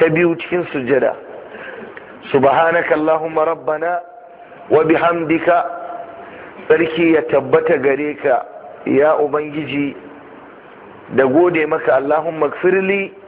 ta biyu cikin sujada subhanaka allahumma rabbana wa bihamdika sarki ya tabbata gare ka ya ubangiji da gode maka allahumma gfirli